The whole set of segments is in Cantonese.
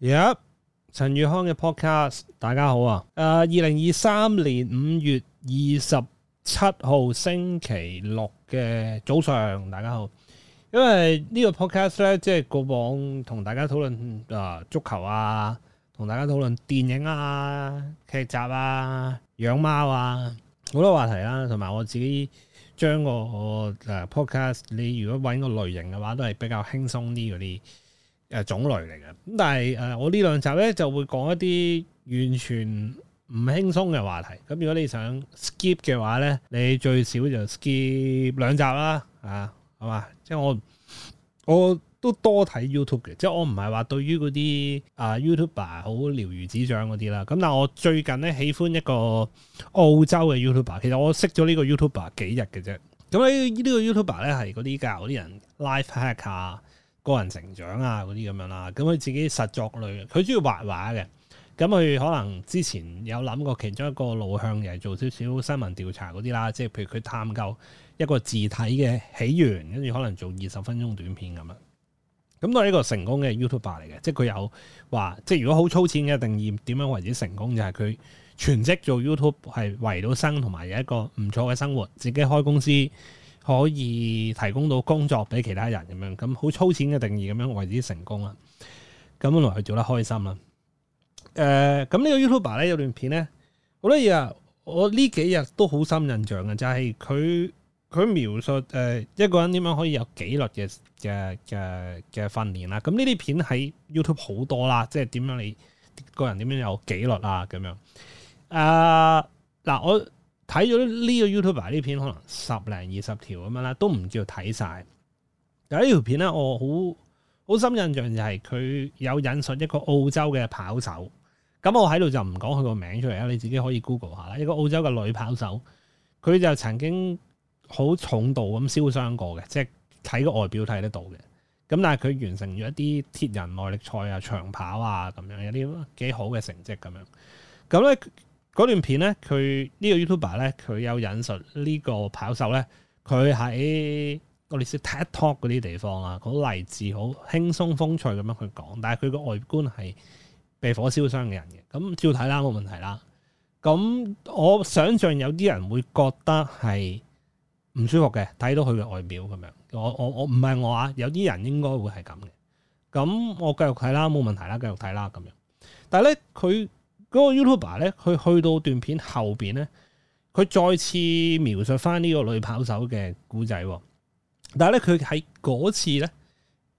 耶，陳宇康嘅 podcast，大家好啊！誒，二零二三年五月二十七號星期六嘅早上，大家好。因為呢個 podcast 咧，即係過往同大家討論、呃、足球啊，同大家討論電影啊、劇集啊、養貓啊好多話題啦、啊，同埋我自己將個誒 podcast，你如果揾個類型嘅話，都係比較輕鬆啲嗰啲。誒、啊、種類嚟嘅，咁但係誒、呃、我呢兩集咧就會講一啲完全唔輕鬆嘅話題。咁如果你想 skip 嘅話咧，你最少就 skip 兩集啦，嚇係嘛？即係我我都多睇 YouTube 嘅，即係我唔係話對於嗰啲啊 YouTuber 好了如指掌嗰啲啦。咁但係我最近咧喜歡一個澳洲嘅 YouTuber，其實我識咗呢個 YouTuber 幾日嘅啫。咁呢呢個 YouTuber 咧係嗰啲教啲人 life hack 啊。個人成長啊嗰啲咁樣啦，咁佢自己實作類，佢中意畫畫嘅，咁佢可能之前有諗過其中一個路向，又係做少少新聞調查嗰啲啦，即係譬如佢探究一個字體嘅起源，跟住可能做二十分鐘短片咁樣。咁都係一個成功嘅 YouTuber 嚟嘅，即係佢有話，即係如果好粗淺嘅定義，點樣為之成功？就係、是、佢全職做 YouTube 係維到生，同埋有一個唔錯嘅生活，自己開公司。可以提供到工作俾其他人咁樣，咁好粗淺嘅定義咁樣為之成功啦。咁同埋佢做得開心啦。誒、呃，咁呢個 YouTube 咧有段片咧，好多嘢呀我呢我幾日都好深印象嘅，就係佢佢描述誒、呃、一個人點樣可以有紀律嘅嘅嘅嘅訓練啦。咁呢啲片喺 YouTube 好多啦，即係點樣你個人點樣有紀律啊咁樣。啊、呃，嗱我。睇咗呢個 YouTuber 呢片，可能十零二十條咁樣啦，都唔叫睇曬。但係呢條片咧，我好好深印象就係佢有引述一個澳洲嘅跑手。咁我喺度就唔講佢個名出嚟啊，你自己可以 Google 下啦。一個澳洲嘅女跑手，佢就曾經好重度咁燒傷過嘅，即係睇個外表睇得到嘅。咁但係佢完成咗一啲鐵人耐力賽啊、長跑啊咁樣，有啲幾好嘅成績咁樣。咁咧。嗰段片咧，佢、這個、呢個 YouTuber 咧，佢有引述呢個跑手咧，佢喺我哋似 TED Talk 嗰啲地方啊，好、那、勵、個、志，好輕鬆風趣咁樣去講。但係佢個外觀係被火燒傷嘅人嘅，咁照睇啦，冇問題啦。咁我想象有啲人會覺得係唔舒服嘅，睇到佢嘅外表咁樣。我我我唔係我啊，有啲人應該會係咁嘅。咁我繼續睇啦，冇問題啦，繼續睇啦咁樣。但係咧，佢。嗰個 YouTuber 咧，佢去到段片後邊咧，佢再次描述翻呢個女跑手嘅故仔，但係咧佢喺嗰次咧，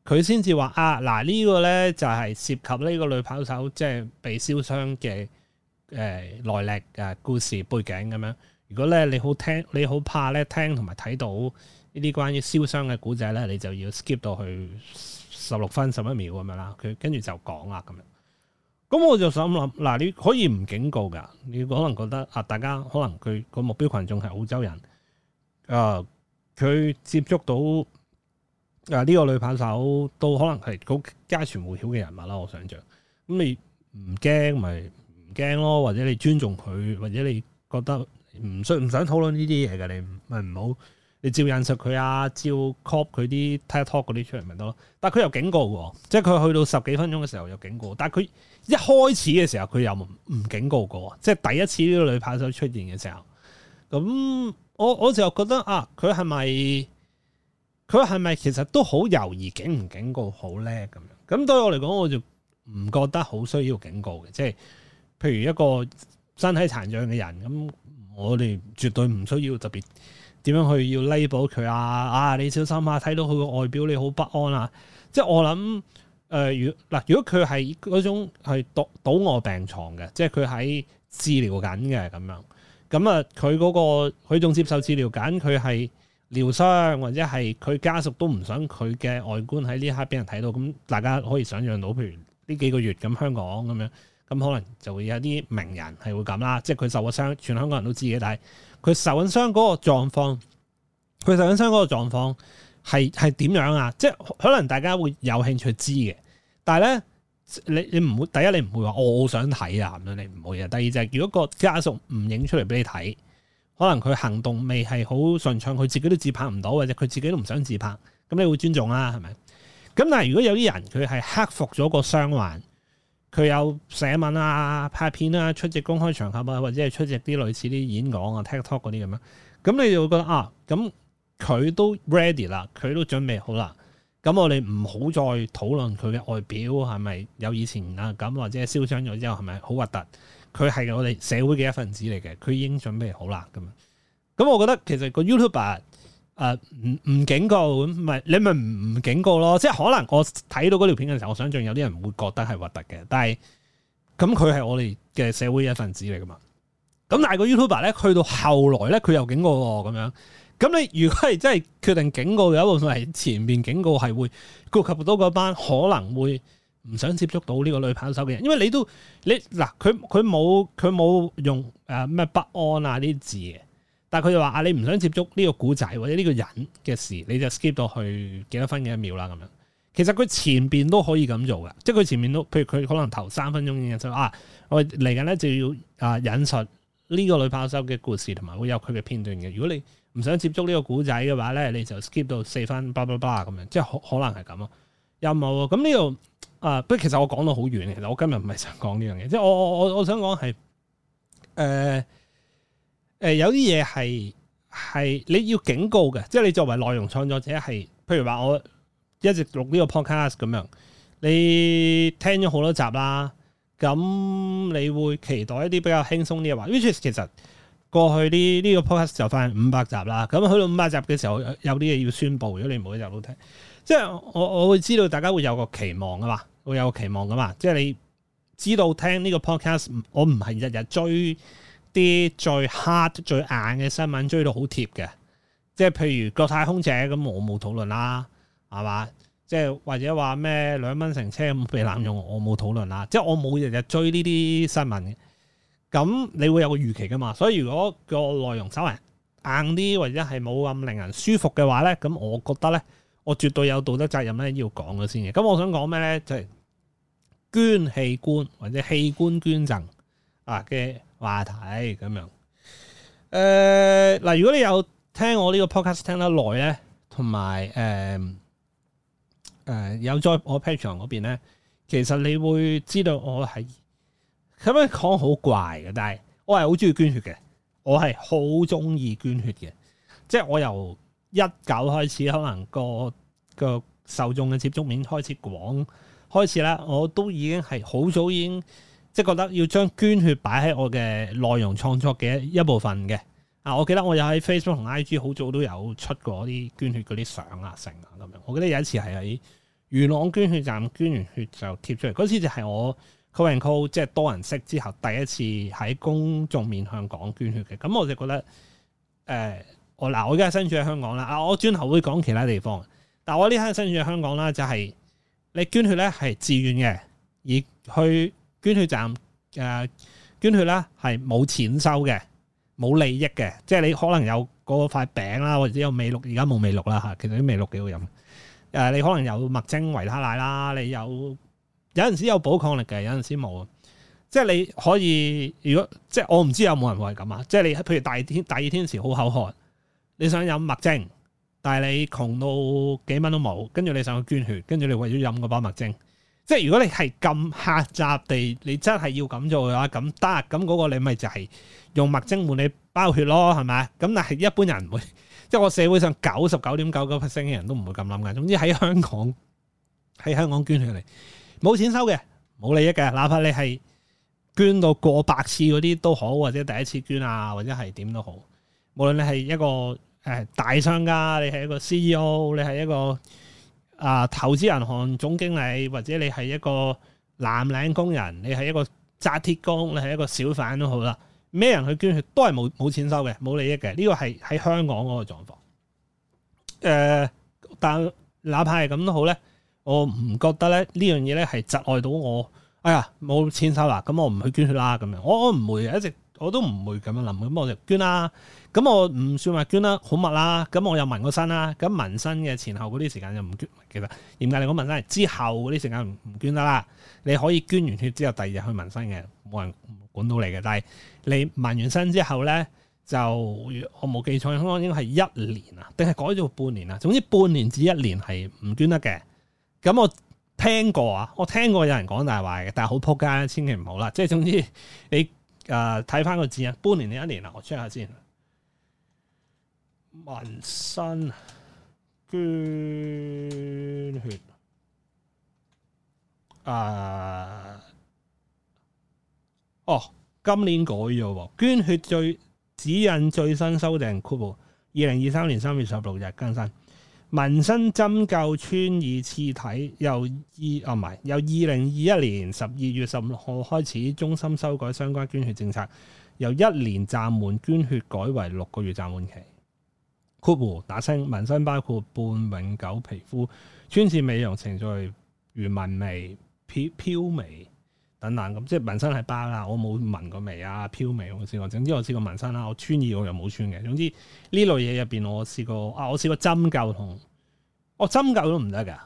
佢先至話啊，嗱呢、啊呢個咧就係涉及呢個女跑手即係、就是、被燒傷嘅誒、呃、內力故事背景咁樣。如果咧你好聽你好怕咧聽同埋睇到呢啲關於燒傷嘅故仔咧，你就要 skip 到去十六分十一秒咁樣啦。佢跟住就講啦咁樣。咁我就想諗，嗱，你可以唔警告㗎，你可能覺得啊，大家可能佢個目標群眾係澳洲人，啊、呃，佢接觸到啊呢、呃這個女扒手，都可能係好家傳戶曉嘅人物啦。我想象，咁你唔驚咪唔驚咯，或者你尊重佢，或者你覺得唔需唔想討論呢啲嘢嘅，你咪唔好。你照引述佢啊，照 copy 佢啲 TikTok 嗰啲出嚟咪得咯。但係佢又警告喎，即係佢去到十幾分鐘嘅時候又警告。但係佢一開始嘅時候佢又唔警告過，即係第一次呢個女跑手出現嘅時候。咁我我就覺得啊，佢係咪佢係咪其實都好猶豫警唔警告好叻咁樣？咁對我嚟講，我就唔覺得好需要警告嘅。即係譬如一個身體殘障嘅人，咁我哋絕對唔需要特別。點樣去要彌補佢啊？啊，你小心啊！睇到佢個外表你好不安啊！即係我諗，如、呃、嗱，如果佢係嗰種係倒臥病床嘅，即係佢喺治療緊嘅咁樣，咁啊、那個，佢嗰個佢仲接受治療緊，佢係療傷，或者係佢家屬都唔想佢嘅外觀喺呢一刻俾人睇到，咁大家可以想像到，譬如呢幾個月咁香港咁樣。咁可能就會有啲名人係會咁啦，即係佢受咗傷，全香港人都知嘅。但係佢受緊傷嗰個狀況，佢受緊傷嗰個狀況係係點樣啊？即係可能大家會有興趣知嘅。但係咧，你你唔會第一你會，你唔會話我好想睇啊咁樣，你唔會呀。第二就係如果個家屬唔影出嚟俾你睇，可能佢行動未係好順暢，佢自己都自拍唔到，或者佢自己都唔想自拍，咁你會尊重啦、啊，係咪？咁但係如果有啲人佢係克服咗個傷患。佢有寫文啊、拍片啊、出席公開場合啊，或者出席啲類似啲演講啊、TikTok 嗰啲咁樣，咁你就覺得啊，咁佢都 ready 啦，佢都準備好啦，咁我哋唔好再討論佢嘅外表係咪有以前啊咁，或者係燒傷咗之後係咪好核突？佢係我哋社會嘅一份子嚟嘅，佢已經準備好啦。咁，咁我覺得其實個 YouTuber。誒唔唔警告咁咪你咪唔警告咯，即係可能我睇到嗰條片嘅時候，我想象有啲人會覺得係核突嘅，但係咁佢係我哋嘅社會一份子嚟噶嘛。咁但係個 YouTuber 咧，去到後來咧，佢又警告喎咁樣。咁你如果係真係決定警告嘅一部分，係前面警告係會顧及到嗰班可能會唔想接觸到呢個女扒手嘅人，因為你都你嗱佢佢冇佢冇用誒咩、呃、不安啊呢啲字嘅。但佢就話：啊，你唔想接觸呢個古仔或者呢個人嘅事，你就 skip 到去幾多分幾一秒啦咁樣。其實佢前面都可以咁做嘅，即係佢前面都，譬如佢可能頭三分鐘已經就啊，我嚟緊咧就要啊引述呢個女炮手嘅故事，同埋會有佢嘅片段嘅。如果你唔想接觸呢個古仔嘅話咧，你就 skip 到四分，巴拉巴拉咁樣，即係可，可能係咁咯。又冇咁呢度啊，不過其實我講到好遠，其實我今日唔係想講呢樣嘢，即係我我我我想講係誒。誒、呃、有啲嘢係係你要警告嘅，即係你作為內容創作者係，譬如話我一直錄呢個 podcast 咁樣，你聽咗好多集啦，咁你會期待一啲比較輕鬆啲嘅話。which is 其實過去呢、呢個 podcast 就快五百集啦，咁去到五百集嘅時候，有啲嘢要宣佈，如果你每一集都聽，即係我我會知道大家會有個期望㗎嘛，會有個期望㗎嘛，即係你知道聽呢個 podcast，我唔係日日追。啲最 hard 最硬嘅新聞追到好貼嘅，即係譬如國泰空姐咁，我冇討論啦，係嘛？即係或者話咩兩蚊乘車咁被濫用，我冇討論啦。即係我冇日日追呢啲新聞嘅。咁你會有個預期噶嘛？所以如果個內容稍微硬啲，或者係冇咁令人舒服嘅話咧，咁我覺得咧，我絕對有道德責任咧要講嘅先嘅。咁我想講咩咧？就係、是、捐器官或者器官捐贈啊嘅。話題咁樣，誒，嗱，如果你有聽我呢個 podcast 聽得耐咧，同埋誒，誒、呃呃，有在我 Patreon 嗰邊咧，其實你會知道我係咁樣講好怪嘅，但係我係好中意捐血嘅，我係好中意捐血嘅，即係我由一九開始，可能個個受眾嘅接觸面開始廣開始啦，我都已經係好早已經。即係覺得要將捐血擺喺我嘅內容創作嘅一部分嘅啊！我記得我有喺 Facebook 同 IG 好早都有出過啲捐血嗰啲相啊、成啊咁樣。我記得有一次係喺元朗捐血站捐完血就貼出嚟嗰次，就係我 c a l 即係多人識之後第一次喺公眾面向講捐血嘅。咁我就覺得誒我嗱，我而家身處喺香港啦啊！我轉頭會講其他地方，但我呢刻身處喺香港啦，就係你捐血咧係自願嘅，而去。捐血站誒捐血啦，係冇錢收嘅，冇利益嘅，即係你可能有嗰塊餅啦，或者有美祿，而家冇美祿啦嚇，其實啲美祿幾好飲。誒、呃，你可能有麥精維他奶啦，你有有陣時有補抗力嘅，有陣時冇。即係你可以，如果即係我唔知有冇人會係咁啊！即係你譬如大天大熱天時，好口渴，你想飲麥精，但係你窮到幾蚊都冇，跟住你上去捐血，跟住你為咗飲嗰包麥精。即係如果你係咁狹窄地，你真係要咁做嘅話，咁得，咁嗰個你咪就係用麥精換你包血咯，係咪？咁但係一般人唔會，即係我社會上九十九點九九 percent 嘅人都唔會咁諗嘅。總之喺香港，喺香港捐血嚟，冇錢收嘅，冇利益嘅，哪怕你係捐到過百次嗰啲都好，或者第一次捐啊，或者係點都好，無論你係一個誒大商家，你係一個 CEO，你係一個。啊！投資銀行總經理，或者你係一個藍領工人，你係一個紮鐵工，你係一個小販都好啦。咩人去捐血都係冇冇錢收嘅，冇利益嘅。呢個係喺香港嗰個狀況。呃，但哪怕係咁都好咧，我唔覺得咧呢樣嘢咧係窒礙到我。哎呀，冇錢收啦，咁我唔去捐血啦。咁樣我我唔會一直。我都唔會咁樣諗，咁我就捐啦。咁我唔算話捐得好密啦。咁我又紋個身啦。咁紋身嘅前後嗰啲時間又唔捐，其實嚴格嚟講紋身之後嗰啲時間唔唔捐得啦？你可以捐完血之後第二日去紋身嘅，冇人管到你嘅。但係你紋完身之後咧，就我冇記錯應該係一年啊，定係改咗半年啊？總之半年至一年係唔捐得嘅。咁我聽過啊，我聽過有人講大話嘅，但係好仆街，千祈唔好啦。即係總之你。啊！睇翻個字啊，半年定一年啊？我 check 下先。紋身捐血啊！哦，今年改咗喎，捐血最指引最新修訂，二零二三年三月十六日更新。紋身針灸穿耳刺體由二啊唔係由二零二一年十二月十六號開始，中心修改相關捐血政策，由一年暫緩捐血改為六個月暫緩期。括弧打聲，紋身包括半永久皮膚、穿刺美容程序如紋眉、如紋眉、飄飄眉。等等咁，即係紋身係包啦，我冇紋過眉啊、飄眉我試過，總之我試過紋身啦，我穿耳我又冇穿嘅。總之呢類嘢入邊，我試過啊，我試過針灸同我、哦、針灸都唔得噶。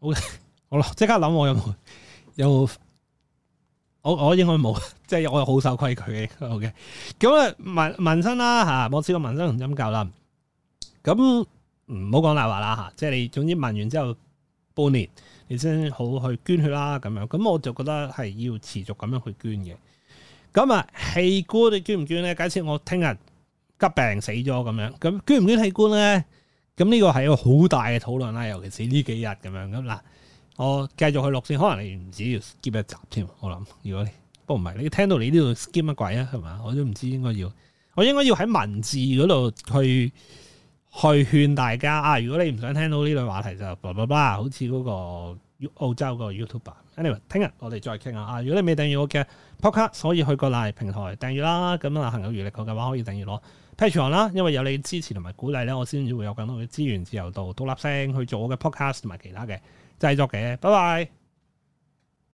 Okay，好，好啦，即刻諗我有冇有冇？我我應該冇，即係我又好守規矩嘅。好、okay，嘅，咁啊紋紋身啦嚇，我試過紋身同針灸啦。咁唔好講大話啦嚇，即係你總之紋完之後半年。你先好去捐血啦，咁樣，咁我就覺得係要持續咁樣去捐嘅。咁啊，器官你捐唔捐咧？假設我聽日急病死咗咁樣，咁捐唔捐器官咧？咁呢個係一個好大嘅討論啦，尤其是呢幾日咁樣。咁嗱，我繼續去落線，可能你唔止要 skip 一集添，我諗。如果你不過唔係，你聽到你呢度 skip 乜鬼啊？係嘛，我都唔知應該要，我應該要喺文字嗰度去。去勸大家啊！如果你唔想聽到呢類話題就，叭叭叭，好似嗰個澳洲嗰個 YouTuber。Anyway，聽日我哋再傾下啊！如果你未訂閱我嘅 podcast，可以去個賴平台訂閱啦。咁啊，行有餘力佢嘅話可以訂閱我 Patreon 啦。Patreon，因為有你支持同埋鼓勵咧，我先至會有更多嘅資源，自由度獨立聲去做我嘅 podcast 同埋其他嘅製作嘅。拜拜。